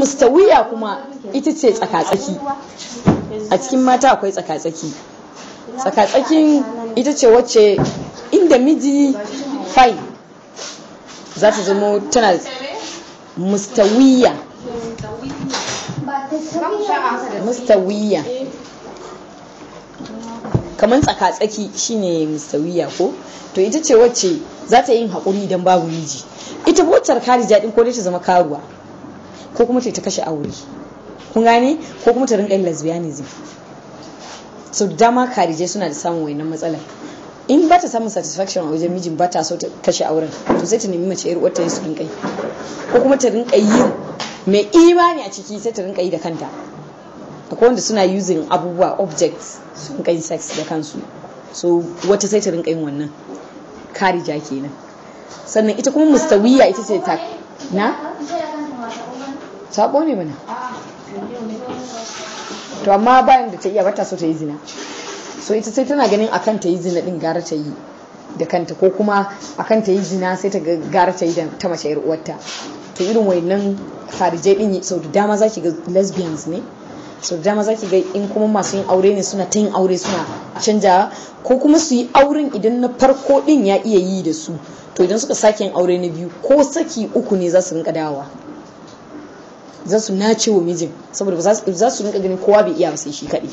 mustawiya kuma ita ce tsakatsaki a cikin mata akwai tsakatsaki tsakatsakin ita ce wacce inda miji fai za ta zama tana mustawiya mustawiya kamar tsakatsaki shine mustawiya ko to ita ce wacce za ta yi haƙuri don babu miji ita botar kari jaɗin ko dai ta zama karuwa ko kuma ta kashe aure kun gane ko kuma ta rinka yin lesbianism so dama karijai suna da samun wannan matsalar in ba ta samun satisfaction a wajen mijin ba ta so ta kashe auren to sai ta nemi mace yar yin su rinka ko kuma ta rinka yi mai imani a ciki sai ta rinka yi da kanta akwai wanda suna using abubuwa objects su kai yin sex da kansu so wata sai ta rinka yin wannan karija kenan sannan ita kuma mustawiya ita ce ta na sabo ne mana to amma bayan da ta iya bata so ta yi zina so ita sai tana ganin akan ta yi zina din gara ta yi da kanta ko kuma akan ta yi zina sai ta gara ta yi da ta mace uwarta to irin wayannan farijai din sau da dama zaki ga lesbians ne sau da dama zaki ga in kuma masu yin aure ne suna ta yin aure suna canja ko kuma su yi auren idan na farko din ya iya yi da su to idan suka sake yin aure na biyu ko saki uku ne za su rinka dawa za su nace wa mijin saboda za su rinka ganin kowa bai iya sai shi kaɗai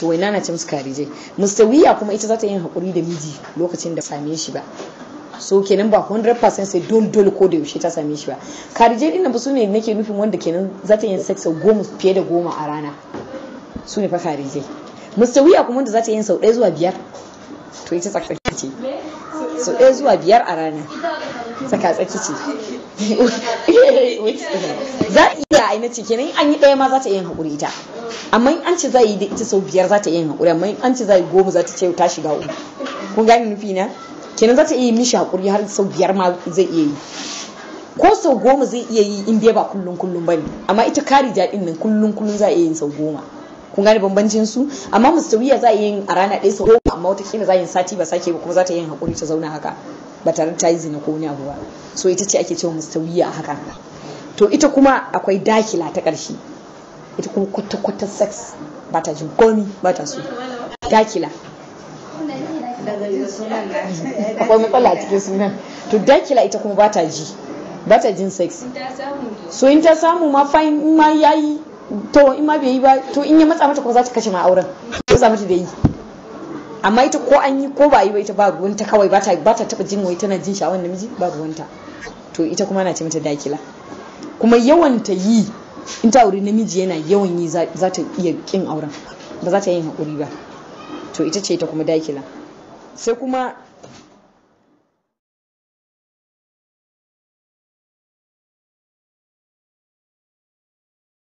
to waina na ce musu karijai mustawiya kuma ita za ta yin haƙuri da miji lokacin da same shi ba so kenan ba 100% sai don dole ko da yaushe ta same shi ba karijai din nan ba su ne nake nufin wanda kenan za ta yin sex sau goma fiye da goma a rana su ne fa karijai mustawiya kuma wanda za ta yin sau ɗaya zuwa biyar to ita tsakaita ce sau ɗaya zuwa biyar a rana tsakatsaki ce za iya aina ce kenan an yi ɗaya ma za ta yin haƙuri ita amma in an ce za yi ita sau biyar za ta yin haƙuri amma in an ce za yi goma za ta ce ta shiga uku kun gani nufi na kenan za ta iya mishi haƙuri har sau biyar ma zai iya yi ko sau goma zai iya yi in bai ba kullum kullum bane amma ita kari jaɗin nan kullum kullum za a iya yin sau goma kun gane bambancin su amma mustawiya za a yi a rana ɗaya sau goma amma wata kila za a yi sati ba sake ba kuma za ta yi haƙuri ta zauna haka ba tare ta yi zina ko wani abu ba so ita ce ake cewa mustawiya a haka to ita kuma akwai dakila ta ƙarshe ita kuma kwata-kwata sex ba ta jin komi ba ta so dakila akwai matsala a cikin sunan to dakila ita kuma ba ta ji ba ta jin sex so in ta samu ma fine in ma yayi to in ma bai yi ba to in ya matsa mata kuma za ta kashe ma auren ya matsa mata da yi amma ita ko an yi ko ba yi ba ita ba ruwanta kawai ba ta ba taba jin wai tana jin sha'awar namiji ba ruwanta to ita kuma na ce mata dakila kuma yawan ta yi in ta wuri namiji yana yawan yi za ta iya kin auren ba za ta yi hakuri ba to ita ce ita kuma dakila sai kuma